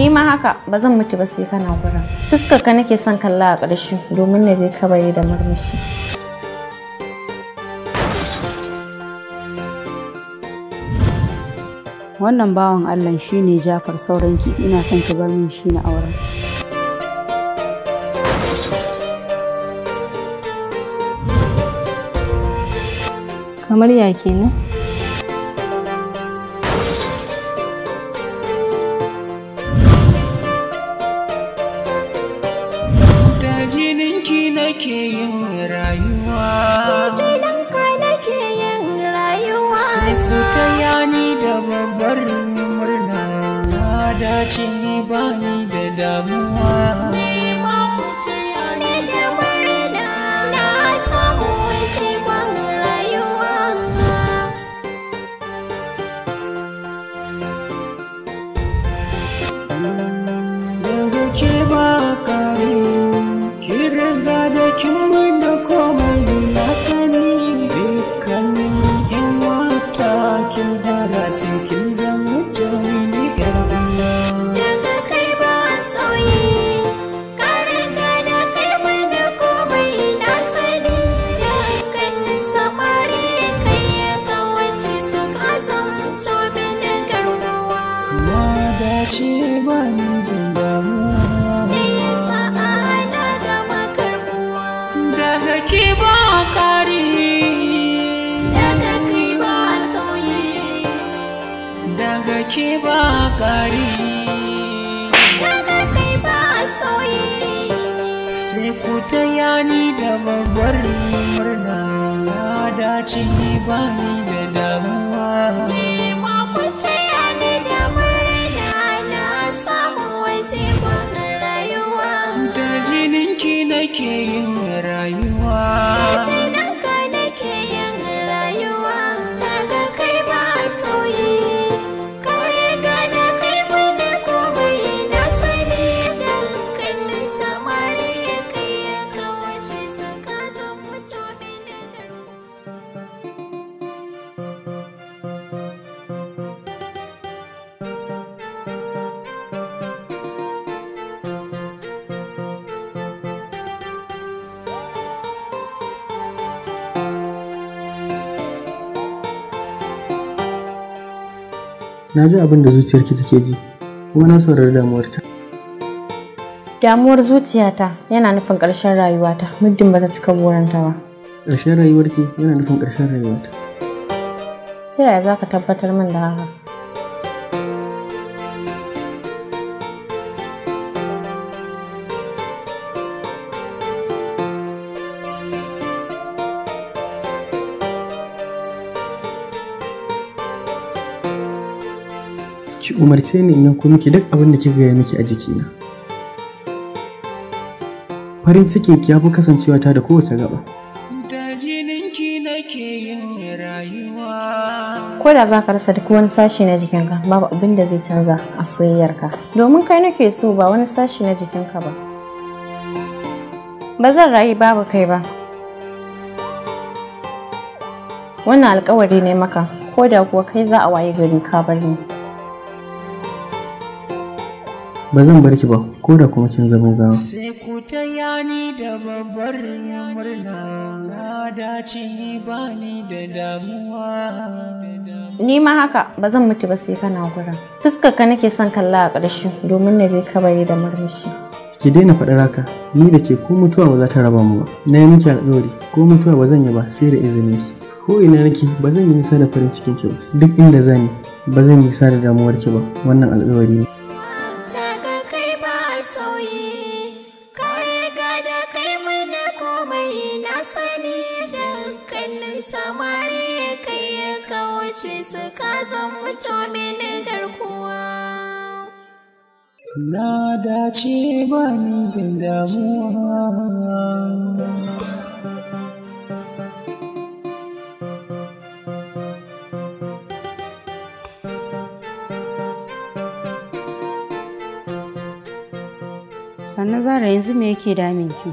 ni ma haka ba zan mutu ba sai kana gurin fuskar ka nake son kalla a ƙarshe domin na je kabari da murmushi wannan bawan allah shine jafar sauranki ina son ki bar min shi na auren kamar ya kenan 心田。ta yani da mabari murna ya dace ni ba da damuwa ni ma kwanta da murna na samu waje ba na rayuwa da jininki nake yin na ji abin da zuciyarki take ji kuma na saurari damuwarta damuwar zuciyata yana nufin ƙarshen rayuwata muddin ba ta cika buranta ba ƙarshen rayuwarki yana nufin ƙarshen rayuwata ta yaya za ka tabbatar min da haka ki umarce ni in yanko miki duk abin da kika gaya miki a jikina farin cikin ki ya fi kasancewa ta da kowace gaba ko da za ka rasa duk wani sashi na jikinka babu abin da zai canza a soyayyarka domin kai nake so ba wani sashi na jikinka ba ba zan rayu babu kai ba wannan alkawari ne maka ko da kuwa kai za a waye gari ka bar ni ba zan bar ki ba ko da kuma kin zama gawa sai ku ta yani da babbar murna na dace ba ni da damuwa ni ma haka ba zan mutu ba sai kana gura. fuskar ka nake son kalla a ƙarshe domin na je kabari da murmushi ki daina faɗar haka ni da ke ko mutuwa ba za ta raba mu ba na yi miki alƙawari ko mutuwa ba zan yi ba sai da izinin ki ko ina nake ba zan yi nisa da farin cikin ki ba duk inda zani ba zan yi nisa da damuwar ki ba wannan alƙawari ne Na dace ba ni da damuwa. sannan zara yanzu me yake damin ki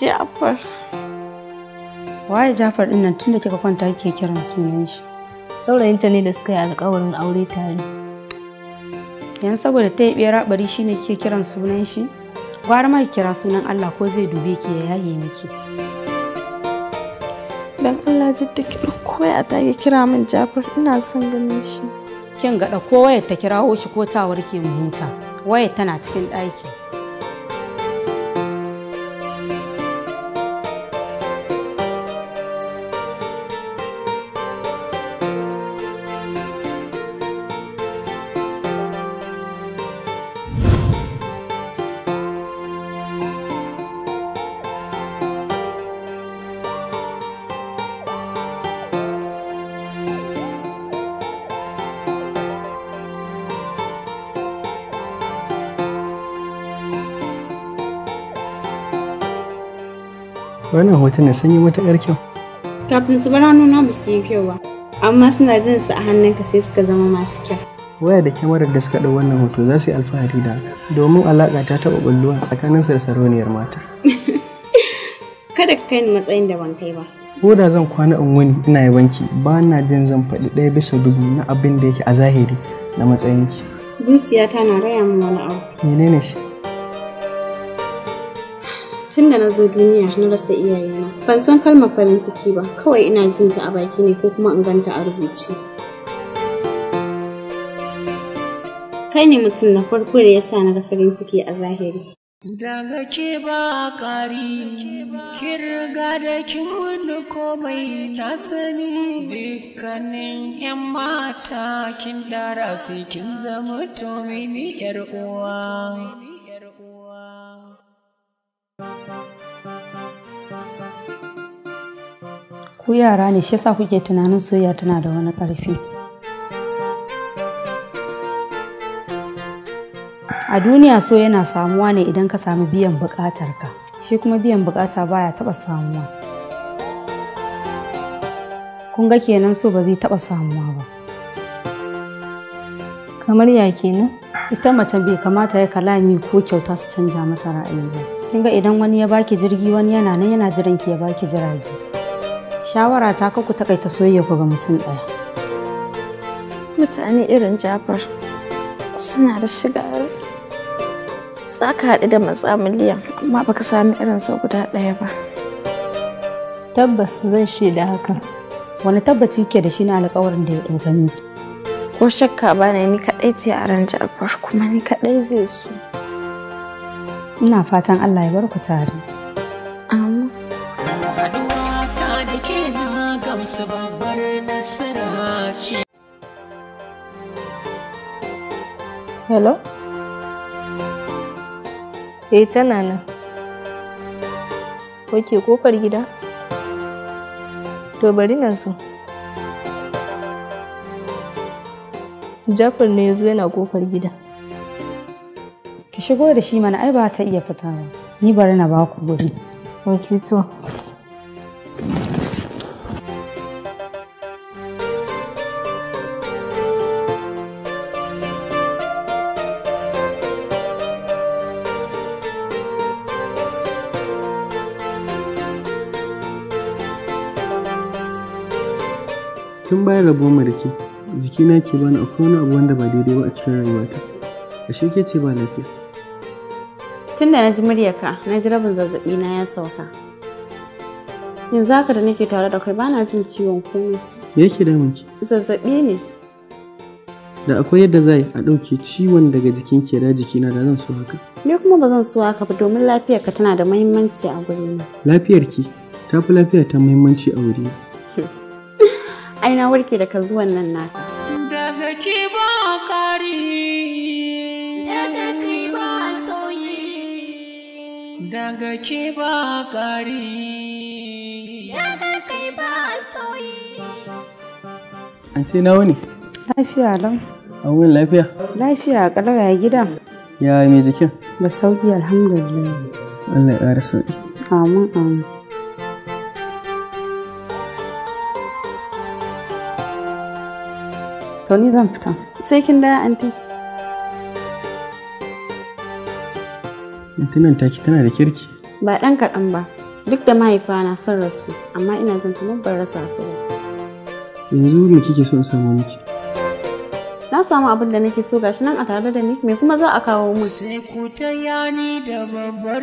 jafar waye jafar din nan da kika kwanta kike kiran sunan shi saurayinta ne da suka yi alƙawarin aure tare Yan saboda ta yi ɓera bari ne ke kiran sunan shi gwara ma kira sunan Allah ko zai dube ki ya yaye miki dan Allah jidda ki ɗauko a ta kira min Jafar ina son ganin shi kin ga ko wayar ta kirawo shi ko ta warke mu huta wayar tana cikin ɗaki wannan hoton sun yi matuƙar kyau kafin su bar hannuna ba su yi kyau ba amma suna jin su a hannunka sai suka zama masu kyau waya da kyamarar da suka ɗau wannan hoto za su yi alfahari da haka? domin alaƙa ta taɓa ɓulluwa tsakanin sarsaroniyar mata kada ka kai ni matsayin da ban kai ba ko da zan kwana in wuni ina yi banki, ba na jin zan faɗi ɗaya bisa dubu na abin da yake a zahiri na matsayinki zuciyata na raya min wani abu menene shi tun da na zo duniya na rasa iyayena ban san kalmar farin ciki ba kawai ina jin ta a baki ne ko kuma in ganta a rubuce kai ne mutum na farko da ya sa na ga farin ciki a zahiri Daga ke ba kari kirga da kin wani komai na sani dukkanin 'yan mata kin dara su kin zama tomini 'yar uwa. Ku yara ne shi yasa kuke tunanin soyayya tana da wani ƙarfi. A duniya so yana samuwa ne idan ka samu biyan buƙatarka, shi kuma biyan buƙata baya taɓa samuwa. Kun ga kenan so ba zai taɓa samuwa ba. Kamar ya kenan? Ita mace bai kamata ya kalami ko kyauta su canja mata ra'ayi ba. kin ga idan wani ya baki jirgi wani yana nan yana jiran ki ya baki jirage shawara ta ku takaita soyayya ku ga mutum ɗaya mutane irin jafar suna da shiga tsaka haɗu da matsa miliyan amma baka sami irinsa guda ɗaya ba tabbas zan shaida haka wani tabbaci ke da shi na alƙawarin da ya ɗauka miki ko shakka ba ni kaɗai ce a ran jafar kuma ni kaɗai zai so ina fatan Allah ya bar ku tare na gamsu hello eh tana nan ke kofar gida? To bari nan su. Jafar ne yanzu yana kofar gida. shigo da shi mana ai ba ta iya fita ba ni bari na ba ku guri to tun bayan rabuwar mu da ke jikina ke bani akwai wani abu wanda ba daidai ba a cikin rayuwata ashe ke ce ba lafiya Tun da na ji muryarka, na ji rabin zazzaɓi na ya sauka. Yanzu haka da nake tare da kai bana jin ciwon komai. Me yake damun ki? Zazzaɓi ne. Da akwai yadda zai a ɗauke ciwon daga jikin ke da jikina da zan so haka. Ni kuma ba zan so haka ba domin lafiyarka tana da muhimmanci a Lafiyar Lafiyarki ta fi lafiya ta muhimmanci a wuri. Ai na warke daga zuwan nan naka. Daga ke ba ƙari. Daga kai ba sauyi. Ante nawa ne. Lafiya lau. Awon lafiya? Lafiya kalau ya gida. Ya mai jikin? Da sauki alhamdulillah. Allah ya ƙara sauki. Amin amin. Tony zan fita. Sai kin da anti. Intinan taki tana da kirki. Ba ɗan kaɗan ba, duk da mahaifa na son rasu, amma ina jin kamar ban rasa su ba. Yanzu me kike so in samu miki? Na samu abin da nake so gashi nan a tare da ni, me kuma za a kawo min? Sai ku ta yani da babbar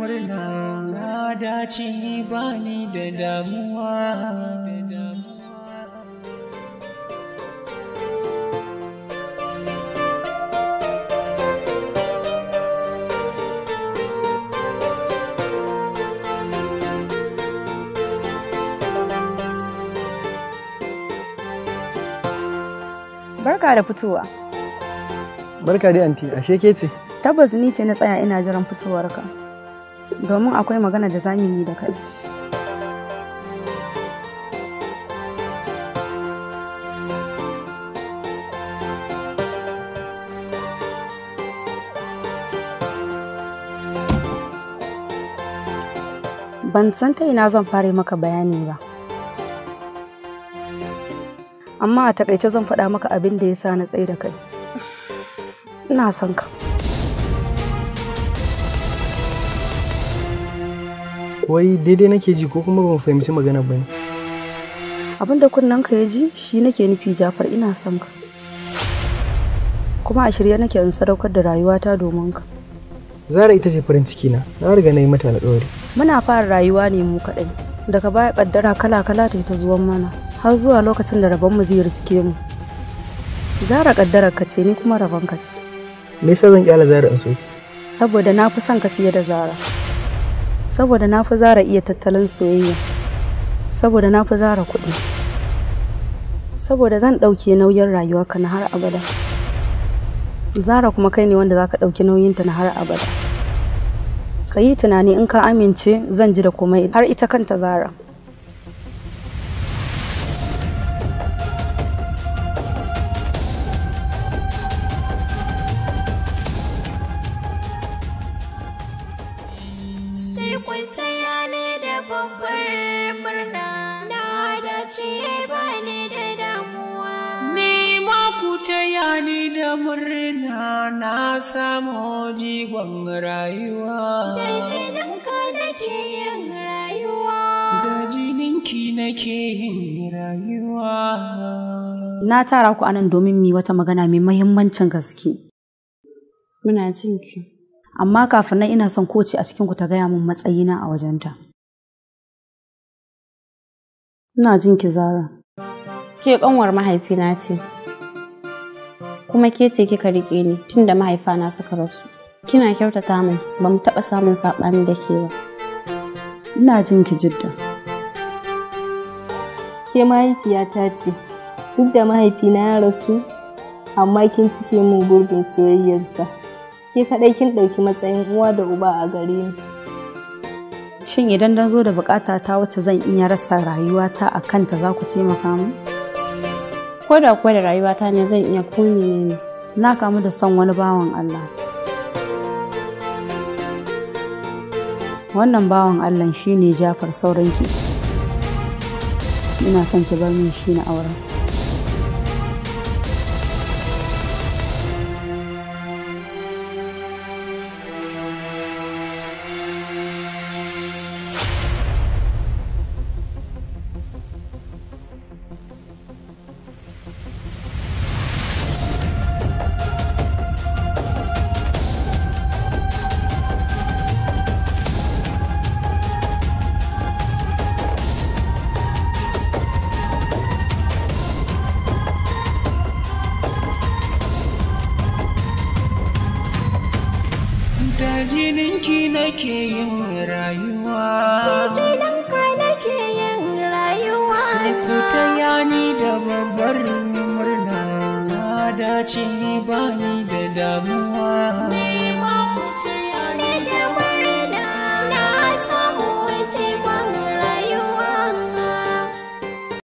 murna, na dace ni ba ni da damuwa. Barka da fitowa. Barka dai anti, ashe ke ce? Tabbas ni ce na tsaya ina jiran fitowarka. Domin akwai magana da za yi da kai. Ban san ta ina zan fara maka bayani ba. amma a takaice zan faɗa maka abin da ya sa na tsaye da kai ina son ka wai daidai nake ji ko kuma ban fahimci magana ba ne abin da kunnen ka ya ji shi nake nufi jafar ina son ka kuma a shirye nake in sadaukar da rayuwata domin ka zara ita ce farin ciki na na riga na yi mata alƙawari muna fara rayuwa ne mu kaɗai daga baya ƙaddara kala-kala ta ta zuwan mana har zuwa lokacin da rabonmu zai riske mu zara kaddarar ka ce ni kuma rabon ka ce me yasa zan kyala zara in soki saboda na fi son ka fiye da zara saboda na fi zara iya tattalin soyayya saboda na fi zara kuɗi saboda zan ɗauke nauyin rayuwarka na har abada zara kuma kai ne wanda za ka ɗauki nauyinta na har abada ka yi tunani in ka amince zan ji da komai har ita kanta zara taya ni da murna na samu jigon rayuwa. Da nake yin rayuwa. Da nake yin rayuwa. Na tara ku anan domin mi wata magana mai mahimmancin gaske. Muna ki. Amma kafin nan ina son koci a cikin ku ta gaya min matsayina a wajenta. Ina jin ki zara. Ke kanwar mahaifina ce. kuma ke ce kika rike ni tunda mahaifana suka rasu kina kyautata min ba mu taɓa samun saɓani da ke ba ina jin ki jidda ke mahaifiyata ce duk da mahaifina ya rasu amma kin cike min gurbin soyayyarsa ke kaɗai kin ɗauki matsayin uwa da uba a gare ni shin idan na zo da bukata ta wacce zan iya rasa rayuwata a kanta za ku taimaka mu? ko da kuwa da rayuwa ta ne zan iya koyi ne na kamu da son wani bawan Allah wannan bawan Allah shi ne Jafar sauranki ina son ki bar min shi na auren da jininki nake yin rayuwa jininka nake yin rayuwa sai ku taya ni da babbar murna na dace ni ba ni da damuwa ni ma ku taya ni da murna na samu wace ba